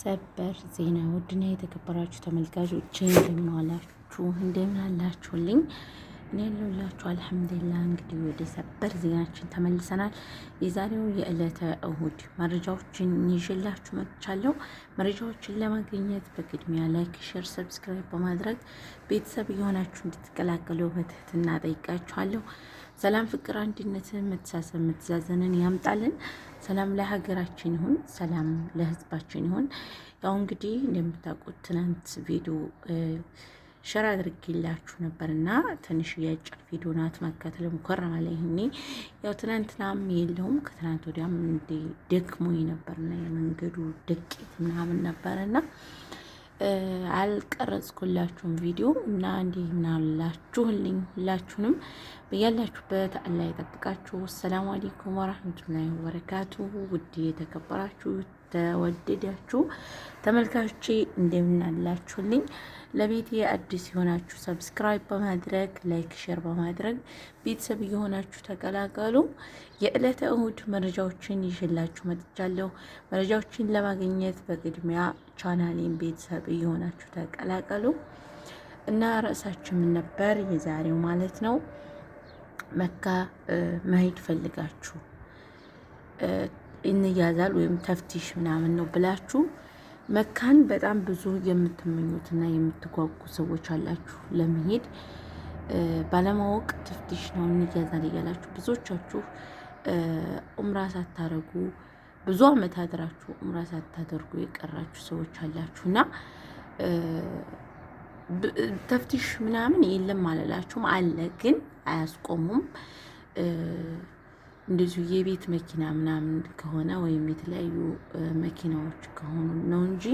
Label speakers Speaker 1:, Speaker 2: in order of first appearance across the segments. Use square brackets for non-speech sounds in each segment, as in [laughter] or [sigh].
Speaker 1: ሰበር ዜና ውድና የተከበራችሁ ተመልካቾች እንደምን ዋላችሁ? እንደምን አላችሁልኝ? እኔ ያለሁላችሁ አልሐምዱሊላ። እንግዲህ ወደ ሰበር ዜናችን ተመልሰናል። የዛሬው የዕለተ እሁድ መረጃዎችን ይዤላችሁ መጥቻለሁ። መረጃዎችን ለማግኘት በቅድሚያ ላይክ፣ ሼር፣ ሰብስክራይብ በማድረግ ቤተሰብ የሆናችሁ እንድትቀላቀሉ በትህትና ጠይቃችኋለሁ። ሰላም፣ ፍቅር፣ አንድነትን፣ መተሳሰብ፣ መተዛዘንን ያምጣልን። ሰላም ለሀገራችን ይሁን፣ ሰላም ለህዝባችን ይሁን። ያው እንግዲህ እንደምታውቁት ትናንት ቪዲዮ ሸር አድርጌላችሁ ነበር እና ትንሽ የአጭር ቪዲዮ ናት መከተል ሙከራ ይህኔ ይሄኔ ያው ትናንትናም የለውም ከትናንት ወዲያም እንደ ደክሞኝ ነበርና የመንገዱ ደቂት ምናምን ነበርና አልቀረጽኩላችሁም ቪዲዮ እና እንዲህ ናላችሁልኝ ሁላችሁንም በያላችሁበት አላህ ይጠብቃችሁ። ሰላም አለይኩም ወራህመቱላሂ ወበረካቱ። ውድ የተከበራችሁ ተወደዳችሁ ተመልካቾቼ እንደምን አላችሁልኝ? አዲስ የሆናችሁ ሰብስክራይብ በማድረግ ላይክ፣ ሼር በማድረግ ቤተሰብ የሆናችሁ ተቀላቀሉ። የዕለተ እሁድ መረጃዎችን ይዤላችሁ መጥቻለሁ። መረጃዎችን ለማግኘት በቅድሚያ ቻናሌን ቤተሰብ የሆናችሁ ተቀላቀሉ እና ርዕሳችን ምን ነበር የዛሬው ማለት ነው መካ መሄድ ፈልጋችሁ እንያዛል ወይም ተፍቲሽ ምናምን ነው ብላችሁ መካን በጣም ብዙ የምትመኙትና የምትጓጉ ሰዎች አላችሁ ለመሄድ ባለማወቅ ተፍቲሽ ነው እንያዛል እያላችሁ ብዙዎቻችሁ ኡምራ ሳታደርጉ ብዙ አመት አድራችሁ ኡምራ ሳታደርጉ የቀራችሁ ሰዎች አላችሁ እና ተፍቲሽ ምናምን የለም አልላችሁም፣ አለ ግን አያስቆሙም። እንደዚሁ የቤት መኪና ምናምን ከሆነ ወይም የተለያዩ መኪናዎች ከሆኑ ነው እንጂ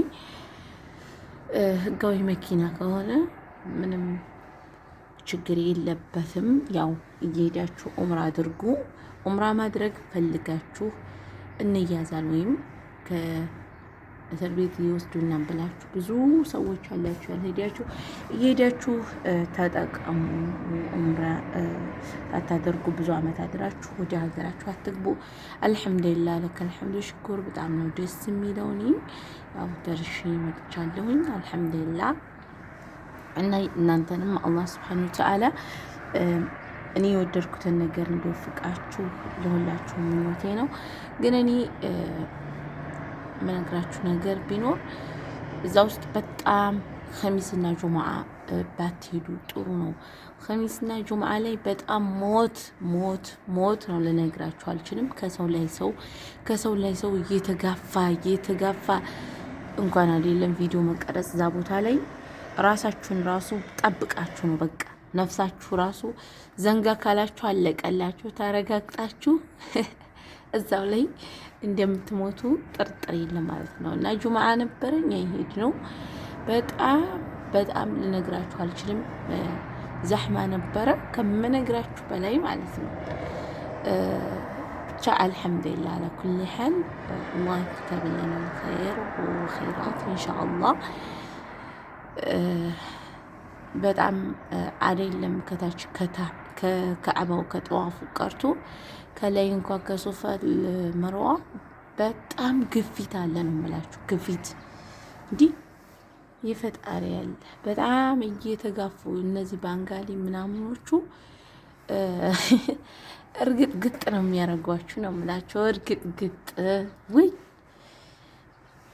Speaker 1: ህጋዊ መኪና ከሆነ ምንም ችግር የለበትም። ያው እየሄዳችሁ ኡምራ አድርጉ። ኡምራ ማድረግ ፈልጋችሁ እንያዛል ወይም እስር ቤት ይወስዱና ብላችሁ ብዙ ሰዎች አላችሁ። ያልሄዳችሁ እየሄዳችሁ ተጠቀሙ። ዑምራ አታደርጉ። ብዙ አመት አድራችሁ ወደ ሀገራችሁ አትግቡ። አልሐምዱሊላህ ለከ አልሐምዱ ሽኩር። በጣም ነው ደስ የሚለው። ያው ደርሼ መጥቻለሁኝ። አልሐምዱሊላህ እና እናንተንም አላህ ስብሐነሁ ወተዓላ እኔ የወደድኩትን ነገር እንዲወፍቃችሁ ለሁላችሁም ምኞቴ ነው። ግን እኔ የምነግራችሁ ነገር ቢኖር እዛ ውስጥ በጣም ከሚስና ጁምዓ ባትሄዱ ጥሩ ነው። ከሚስና ጁምዓ ላይ በጣም ሞት ሞት ሞት ነው። ልነግራችሁ አልችልም። ከሰው ላይ ሰው ከሰው ላይ ሰው እየተጋፋ እየተጋፋ እንኳን አይደለም ቪዲዮ መቀረጽ እዛ ቦታ ላይ ራሳችሁን ራሱ ጠብቃችሁ ነው በቃ ነፍሳችሁ ራሱ ዘንጋ ካላችሁ አለቀላችሁ። ተረጋግጣችሁ [laughs] እዛው ላይ እንደምትሞቱ ጥርጥር የለም ማለት ነው። እና ጁምዓ ነበረኝ ይሄድ ነው። በጣም በጣም ልነግራችሁ አልችልም። ዛህማ ነበረ ከምነግራችሁ በላይ ማለት ነው። ብቻ አልሐምዱሊላህ አላ ኩል ሐል አላህ ይክተብ ለና ልኸይር ወኸይራት ኢንሻአላህ። በጣም አይደለም ከታች ከታ ከከዕባው ከጠዋፉ ቀርቶ ከላይ እንኳ ከሶፋል መርዋ በጣም ግፊት አለ ነው የምላችሁ። ግፊት እንዲህ ይፈጣሪ ያለ በጣም እየተጋፉ እነዚህ ባንጋሊ ምናምኖቹ እርግጥ ግጥ ነው የሚያደርጓችሁ ነው የምላቸው። እርግጥ ግጥ ውይ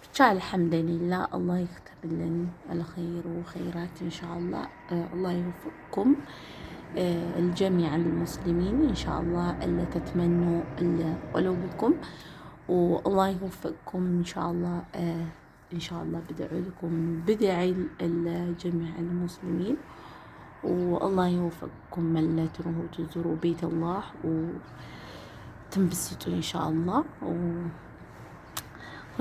Speaker 1: ብቻ አልሐምዱሊላ አላህ ይክተብልን አልኸይሩ ኸይራት ኢንሻአላህ አላህ ይወፍቅኩም። آه، الجميع المسلمين إن شاء الله ألا تتمنوا قلوبكم والله يوفقكم إن شاء الله آه، إن شاء الله بدعو لكم بدعي الجميع المسلمين والله يوفقكم من لا تروحوا تزوروا بيت الله وتنبسطوا إن شاء الله و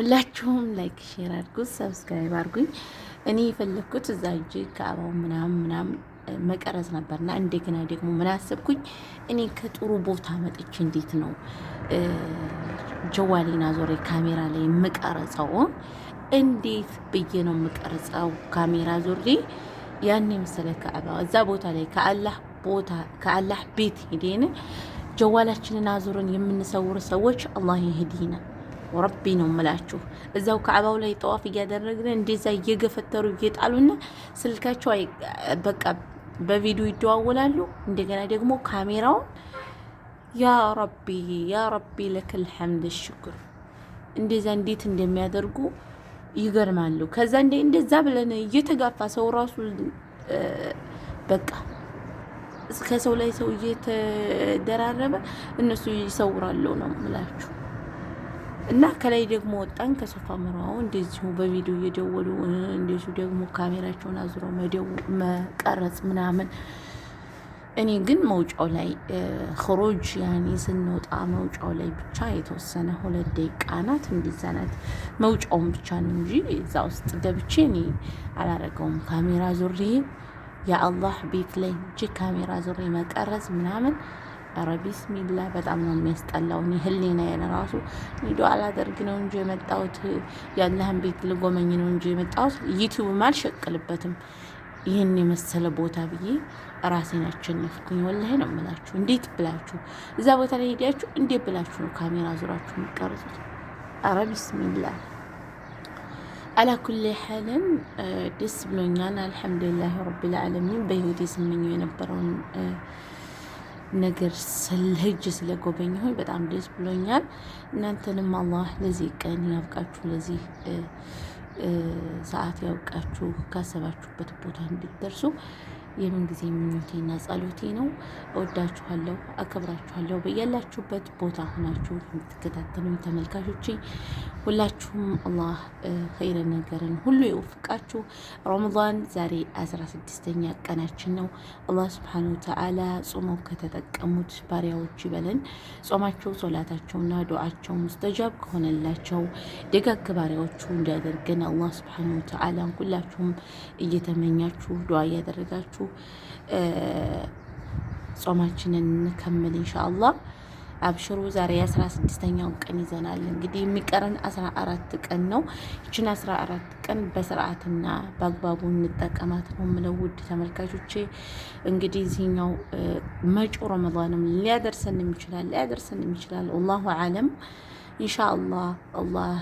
Speaker 1: ሁላችሁም لايك شير አድርጉ፣ سبسكرايب አድርጉኝ። እኔ የፈለግኩት እዛ እጅ ከአባው ምናምን ምናምን መቀረጽ ነበርና እንደገና ደግሞ ምን አሰብኩኝ እኔ ከጥሩ ቦታ መጥቼ እንዴት ነው ጀዋሌና ዞሬ ካሜራ ላይ የምቀረጸው እንዴት ብዬ ነው የምቀርጸው? ካሜራ ዞሬ ያን የመሰለ ከአባ እዛ ቦታ ላይ ከአላህ ቦታ ከአላህ ቤት ሄደን ጀዋላችንን አዙረን የምንሰውር ሰዎች አላህ ይህዲና ረቢ ነው ምላችሁ። እዛው ከአባው ላይ ጠዋፍ እያደረግን እንደዛ እየገፈተሩ እየጣሉና ስልካቸው በቃ በቪዲዮ ይደዋወላሉ። እንደገና ደግሞ ካሜራውን ያ ረቢ ያ ረቢ ለክል ሐምድ ሽኩር እንደዛ እንዴት እንደሚያደርጉ ይገርማሉ። ከዛ እንደ እንደዛ ብለን እየተጋፋ ሰው ራሱ በቃ ከሰው ላይ ሰው እየተደራረበ እነሱ ይሰውራሉ ነው ምላችሁ። እና ከላይ ደግሞ ወጣን ከሶፋ ምራው እንደዚሁ በቪዲዮ እየደወሉ እንደዚሁ ደግሞ ካሜራቸውን አዙረው መቀረጽ ምናምን። እኔ ግን መውጫው ላይ ክሮጅ ያኔ ስንወጣ መውጫው ላይ ብቻ የተወሰነ ሁለት ደቂቃ ናት መውጫውን ብቻ ነው እንጂ እዛ ውስጥ ገብቼ እኔ አላረገውም። ካሜራ ዙሬ የአላህ ቤት ላይ እጅ ካሜራ ዙሬ መቀረጽ ምናምን ኧረ ቢስሚላ በጣም ነው የሚያስጠላው። እኔ ህሊናዬን ራሱ ሂዶ አላደርግ ነው እንጂ የመጣሁት ያለህን ቤት ልጎመኝ ነው እንጂ የመጣሁት ዩቲዩብም አልሸቅልበትም ይህን የመሰለ ቦታ ብዬ ራሴን አቸነፍኩኝ። ወላሂ ነው የምላችሁ። እንዴት ብላችሁ እዛ ቦታ ላይ ሄዳችሁ እንዴት ብላችሁ ነው ካሜራ ዙራችሁ የሚቀርጹት? አረ ቢስሚላ አላኩል ሐልም ደስ ብሎኛል። አልሐምዱሊላህ ረቢልዓለሚን በህይወት የስመኘው የነበረውን ነገር ስለጎበኝ ሆይ በጣም ደስ ብሎኛል። እናንተንም አላህ ለዚህ ቀን ያብቃችሁ፣ ለዚህ ሰዓት ያብቃችሁ፣ ካሰባችሁበት ቦታ እንድትደርሱ የምንጊዜ ምኞቴና ጸሎቴ ነው። እወዳችኋለሁ፣ አከብራችኋለሁ። በያላችሁበት ቦታ ሆናችሁ የምትከታተሉ ተመልካቾች ሁላችሁም አላህ ኸይረ ነገርን ሁሉ ይወፍቃችሁ። ረመዳን ዛሬ አስራ ስድስተኛ ቀናችን ነው። አላህ ስብሓነሁ ወተዓላ ጾመው ከተጠቀሙት ባሪያዎች ይበለን። ጾማቸው ሶላታቸውና ዱዓቸው ሙስተጃብ ከሆነላቸው ደጋግ ባሪያዎቹ እንዲያደርገን አላህ ስብሓነሁ ወተዓላ ሁላችሁም እየተመኛችሁ ዱዓ እያደረጋችሁ ጾማችንን እንከምል እንሻአላ። አብሽሩ ዛሬ የአስራ ስድስተኛውን ቀን ይዘናል። እንግዲህ የሚቀረን አስራ አራት ቀን ነው። ይችን አስራ አራት ቀን በስርዓትና በአግባቡ እንጠቀማት ነው የምለው ውድ ተመልካቾቼ። እንግዲህ እዚህኛው መጪው ረመዳንም ሊያደርሰንም ይችላል ሊያደርሰንም ይችላል። ወላሁ አለም እንሻአላ አላህ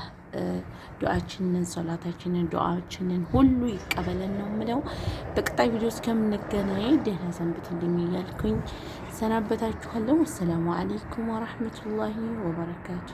Speaker 1: ዱዓችንን ሶላታችንን ዱዓችንን ሁሉ ይቀበለን ነው ምለው። በቀጣይ ቪዲዮ እስከምንገናኝ ደህና ሰንብትልኝ እያልኩኝ ሰናበታችኋለሁ። አሰላሙ አለይኩም ወራህመቱላሂ ወበረካቱ።